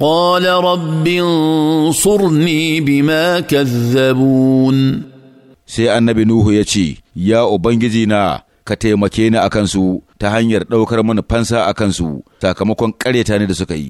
قال Rabbin surni بما كذبون sai annabi Nuhu ya ce, Ya Ubangiji na, ka taimake ni a kansu ta hanyar ɗaukar mana fansa a kansu sakamakon ƙareta ni da suka yi.